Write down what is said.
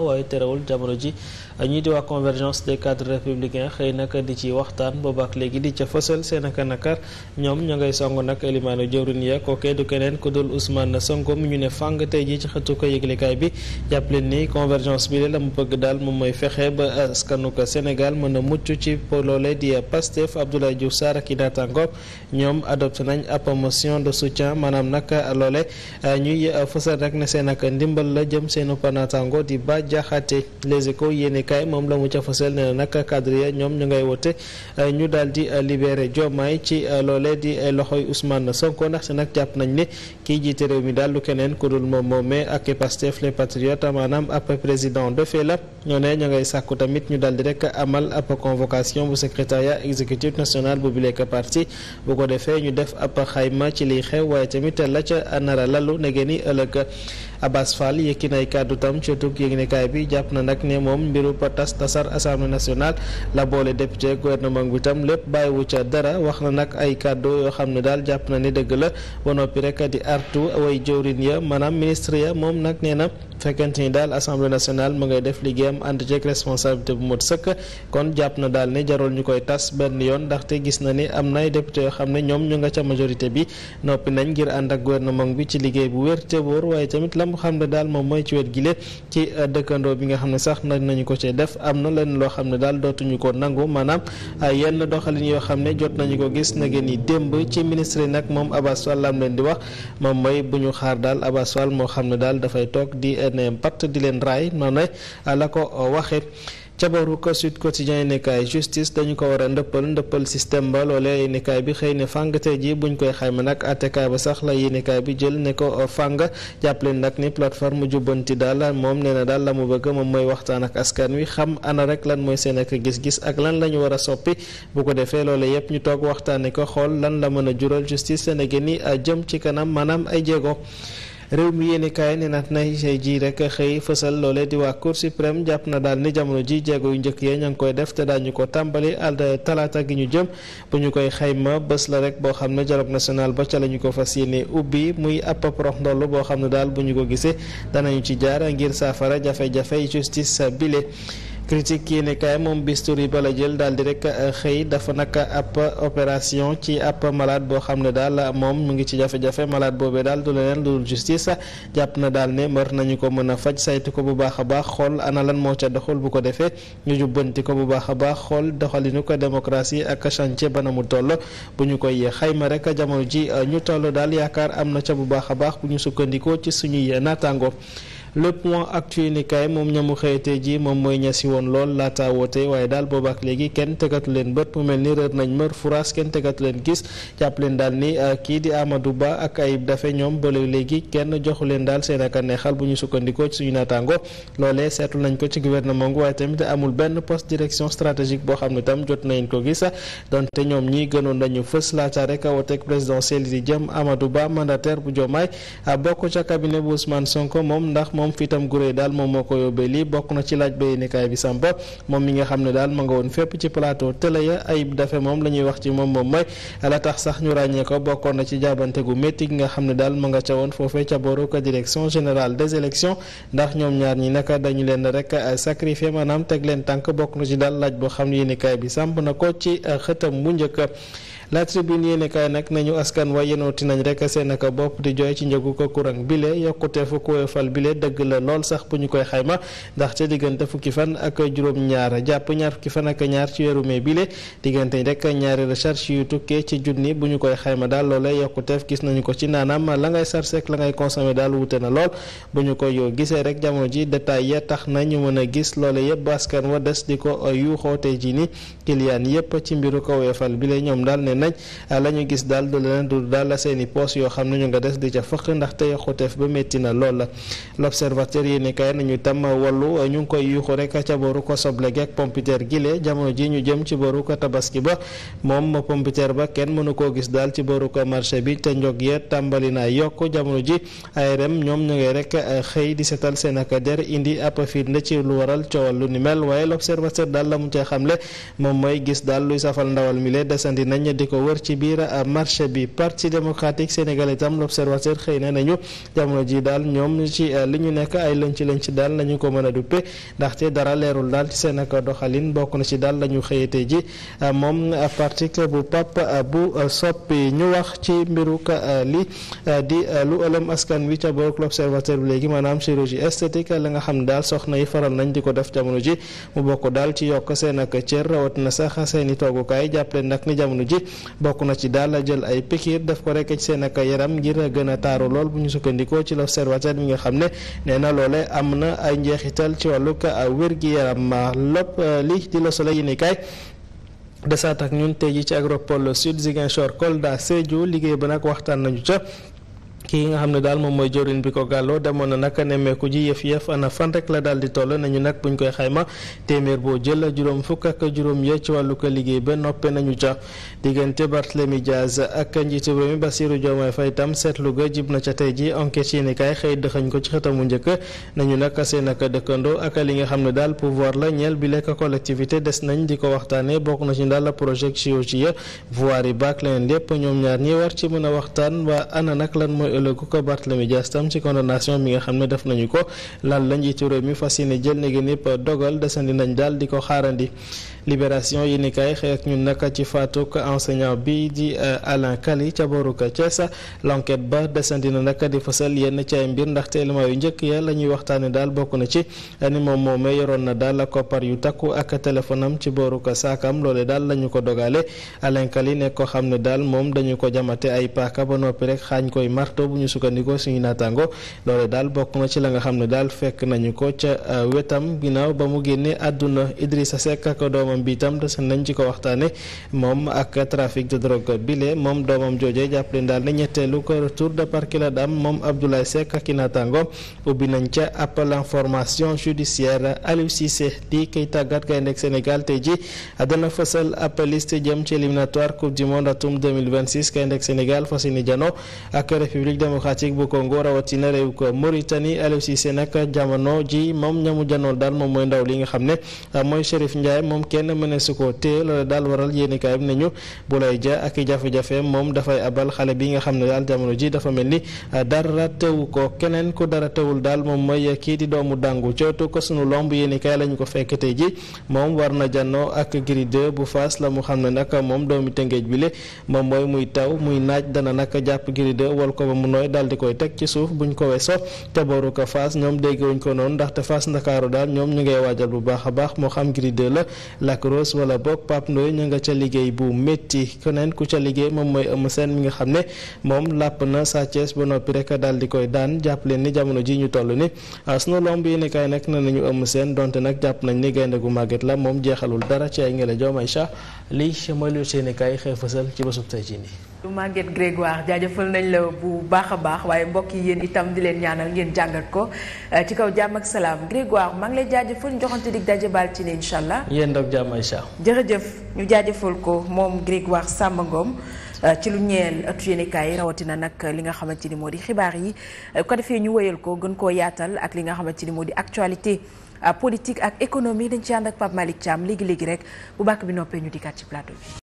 waaye terewul jamono ji ñii di waa convergence des cadres républicains xëy naka di ci waxtaan boobaak léegi di ca fësal seen nakar ñoom ña ngay song nag elimaanu jëwrin ya kookee du keneen ku dul Ousmane Sonko mu ñu ne fàng tey ji ci xëtu ko yëglekaay bi jàpp ni convergence bi la mu bëgg daal moom mooy fexe ba askanuk Sénégal mën a mucc ci loole di Pastef Abdoulaye Diouf Sarr ak i naataangoom ñoom adopté nañ ab motion de soutien maanaam nag Diakhaté Les Échos yéenekaay moom la mu ca fasal ne nag cadre ya ñoom ñu ngay wote euh, ñu daal di libéré jommaay ci euh, loolee di loxo euh, loxoy Ousmane Sonko ndax nag jàpp nañ ni kii jiite réew mi daal lu keneen ku dul moom moomee ak Pastef les patriotes maanaam defee la ñoo ne ña ngay sàkku tamit ñu daal di amal ab bu secrétariat exécutif national bu bileek parti bu ko defee ñu def ab xayma ci liy xew waaye tamit la ca nara lalu negee ni ëllëg Abbas Fall yëkki nay kàddu tam ci tukki bi jàpp na nag ne moom mbiru tas tasar assemblée nationale la boole député gouvernement bi tam lépp bàyyiwu ca dara wax na ay kàddu yoo xam ne daal jàpp la artu way jëwrin ya maanaam ministre ya moom nag nee na fekkente ni daal assemblée nationale mu ngay def liggéeyam ànd ceeg responsabilité bu mot sëkk kon jàpp na daal ne jarul ñu koy tas benn yoon ndaxte gis na ni am nay député yoo xam ne ñoom ñu nga ca majorité bi noppi nañ ngir ànd ak gouvernement bi ci liggéey bu wér te wóor waaye tamit la mu xam ne daal moom mooy ci wet gile ci euh, dëkkandoo bi nga xam ne sax na nañu ko cee def am na lenn loo xam ne daal dootuñu ko nangu maanaam euh, yenn doxalin yoo xam ne jot nañu ko gis na ngeen ni démb ci ministre yi nag moom Abass la am leen di wax moom mooy bu ñu xaar daal Abass Fall moo xam ne daal ne batt di leen raay noonu la ko waxee cabooru ko Sud Quotidien yéenekaay justice dañu ko war a ndëppal ndëppal système ba loolee yéenekaay bi xëy ne fàng tey ji buñ koy xayma nag attekaay ba sax la yéenekaay bi jël ne ko fàng jàppaleen nag ni plateforme jubbanti daal moom nee na daal la mu bëgg moom mooy waxtaan ak askan wi xam ana rek lan mooy seen ak gis-gis ak lan la ñu war a soppi bu ko defee loole yépp ñu toog waxtaane ko xool lan la mën a jural justice Sénégal ni jëm ci kanam maanaam ay jéego réew mi yéene kaay ne na say ji rek xëy fësal loole di waa cour suprême jàpp na daal ni jamono ji jéego yu njëkk yee ña ngi koy def te daañu ko tàmbali al talaata gi ñu jëm bu ñu koy xayma bés la rek boo xam ne dialogue national ba ca lañu ko fas yéene ubbi muy ab prox ndoll boo xam ne daal bu ñu ko gisee danañu ci jaar ngir saafara jafe-jafe justice bile critique yéene kaay moom bisturi bala jël daal di rek eh, xëy dafa nag ab opération ci ab malade boo xam ne daal moom mu ngi ci jafe-jafe malade boobee daal du leneen lu dul justice jàpp na daal ne war nañu ko mën a faj saytu ko bu baax a baax xool ana lan moo ca doxul bu ko defee ñu jubbanti ko bu baax a baax xool doxalinu ko démocratie ak chantier ba na mu toll bu ñu koy xayma rek jamono ji eh, ñu toll daal yaakaar am na ca bu baax a baax bu ñu sukkandikoo ci suñuy naataango le point actuel ni moom ñamu xëyatee ji moom mooy ña si woon lool laata woote waaye daal boobaak léegi kenn tegatu leen bët mu mel ni réer nañ mër furaas kenn tegatu leen gis jàpp leen daal ni ah, kii di Amadou Ba ak Ayib Daffé ñoom ba léegi kenn joxu leen daal seen ak neexal bu ñu sukkandikoo ci suñu naataango loolee seetlu nañ ko ci gouvernement ngu waaye tamit amul benn poste direction stratégique boo xam ne tam jot nañ ko gis donte ñoom ñi gënoon nañu fës laata rek woteek présidentielle di jëm Amadou Ba mandataire bu Diomaye ah, bokk ca bu Ousmane Sonko moom fitam gurée daal moom moo ko yóbbee lii bokk na ci laaj ba yéenekaay bi Samba moom mi nga xam ne daal ma nga woon fépp ci plateau télé ya Ayib Daffé moom la wax ci moom moom mooy la tax sax ñu ràññee ko bokkoon na ci jaabante gu métti gi nga xam ne daal ma nga ca woon foofee ca booru ko direction générale des élections ndax ñoom ñaar ñi naka dañu leen rek euh, sacrifié maanaam teg leen tànk bokk na ci daal laaj boo xam ne bi Samba na la tribune yéene kaay nag nañu askan wa yenooti nañ rek seen ak bopp di jooy ci njëgu ko courant bile yokkute fu ko fal bile dëgg la lool sax bu ñu koy xayma ndax ca diggante fukki fan ak juróom-ñaar jàpp ñaar fukki fan ak ñaar ci weeru mai bile diggante rek ñaari recharge yu tukkee ci junni bu ñu koy xayma daal loolee yokkuteef gis nañu ko ci naanaam la ngay sarseek la ngay consommé daal wute na lool bu ñu koy gisee rek jamono ji détail ya tax na ñu mën a gis loole yëpp askan wa des di ko yuuxoote ji ni kiliyaan yëpp ci mbiru ko weefal bile ñoom daal ne nañ euh, la ñu gis daal du leneen du daal la seen i poos yoo xam ne nga des di ca fëkk ndax tey xuteef ba métti na lool la l'observateur yi kay nañu tam wallu euh, koo gis daal ci boru bi te njog ya tàmbali naa ji ARM ñoom ñu ngi rek euh, xëy di setal seen ak der indi ab firnde ci lu waral coowal lu ni waaye l'observateur daal la mu cee xamle moom mooy gis daal luy safal ndawal mi desandi nañ di ko wër ci biir euh, marché bi parti démocratique sénégalais tam l'observateur xëy na nañu jamono ji daal ñoom ci euh, li ñu nekk ay lënc ci daal lañu ko mën a ndax ndaxte dara leerul daal ci seen ak doxalin bokk na ci daal lañu xëyate ji euh, moom partique bu pap bu soppi ñu wax ci mbiruk li di lu ëlëm askan wi ca boog l'observateur bi léegi maanaam chirurgie esthétique la nga xam daal soxna yi faral nañ di ko def jamono ji mu bokk daal ci yokk seen rawat na sax seen toogukaay jàpp bokk na ci daal jël ay pikiir def ko rek ci seen ak yaram ngir gën a taaru lool bu ñu sukkandikoo ci l'Observateur bi nga xam ne nee na loole am na ay njeexital ci wàllug uh, wér-gi-yaram uh, lépp uh, li di la Soleil yi ni kaay desaat ak ñun tey ji ci agropole sud Ziguinchor Kolda Sédhiou liggéey ba nag waxtaan nañu ca kii nga xam ne daal moom mooy jëwriñ bi ko gàlloo demoon na nag nemmeeku ji yëf yëf ana fan rek la daal di toll nañu nag buñ koy xayma téeméer boo jël juróom fukk ak juróom ya ci wàllu ko liggéey ba noppe nañu ca diggante Barthélemy Diaz ak njiitu réew mi Bassirou Diomaye ga jib na ca tey ji enquête yi ni kaay xëy dëxañ ko ci xëtamu njëkk nañu nag seen ak dëkkandoo ak li nga xam ne daal pouvoir la ñeel bi lekk collectivité des nañ di ko waxtaane bokk na ci daal la projet ci ya voirie baak leneen lépp ñoom ñaar waa ëllëg ko Barthélemy Dias tam ci condamnation bi nga xam ne def nañu ko lan la njiitu réew mi fas yéene jël nigi di ko euh, na di fësal yenn ci ay mbir ndaxte élément yu njëkk ya la ñuy waxtaane daal bokk na ci ni moom moomee yoroon na daal la koppar yu takku ak téléphone am ci boruka saakam loole daal lañu ko dogale xam ne daal moom dañu ko jamate ay paaka ba noppi rek xaañ koy marto plateau bu ñu sukkandikoo suñu naataango loole daal bokk na ci la nga xam ne daal fekk nañu ko ca euh, wetam ginnaaw ba mu génnee àdduna Idrissa Seck ak doomam bi itam des nañ ci ko waxtaane moom ak trafic de drogue bile moom doomam jooje jàpp leen daal ne ñetteelu ko retour de parquet la daam moom Abdoulaye Seck ak i naataango ubbi nañ ca appel information judiciaire Aliou Cissé di kay tàggat kay Sénégal tey ji dana fësal appel liste jëm ci éliminatoire coupe république démocratique bu Congo rawatina réew ko Mauritanie Aliou Cissé nag jamono ji moom ñamu janool daal moom mooy ndaw li nga xam ne ah, mooy Chérif Ndiaye moom ko téye loolu daal waral yéenikaayam nañu bu lay dafay abal xale bi nga xam ne daal jamono ji dafa mel ni ah, dara tewu ko keneen ku dara tewul daal moom mooy kii di doomu dàngu cootu ko sunu lomb yéenikaay lañu ko fekk te ji moom war na janoo ak Gris 2 bu Fass la mu xam ne nag moom doomi Tëngéej bi le moom mooy muy taw muy naaj dana nag jàpp Gris mu nooy daal di koy teg ci suuf bu buñ ko weesoo te booru ko fas ñoom déggewuñ ko noonu ndaxte Fass Ndakaaru daal ñoom ñu ngay waajal bu baax a baax moo xam Gris 2 la Lac Rose wala boog Pape Ndoye ñu nga ca liggéey bu métti keneen ku ca liggéey moom mooy Eumeu seen mi nga xam ne moom làpp na Sa Thiès ba noppi rek daal di koy daan jàpp leen ni jamono ji ñu toll ni sunu lomb yéen kaay nag na nañu Eumeu seen donte nag jàpp nañ ni gaynde gu màgget la moom jeexalul dara ci ay ngela joom ay lii mooy lu seen i ci bésub tey jii lu Maguette Grégoire jaajëfal nañ la bu baax a baax waaye mbokk yi yéen itam di leen ñaanal ngeen jàngal ko eh, ci kaw jàmm ak salaam Grégoire mag ngi lay jaajëfal njoxante dig daje baal ci ne incha allah. yéen ndox jàmm Aïcha. jërëjëf ñu jaajëfal ko moom Grégoire Samba ngoom eh, ci lu ñeel at yéenekaay yi rawatina nag li nga xamante ni moo di xibaar yi eh, ko defee ñu woyal ko gën koo yaatal ak li nga xamante ni moo di actualité politique ak économie dañ ci ànd ak Pape Malick caam léegi léegi rek bu bàkk bi noppee ñu dikkaat ci plateau bi.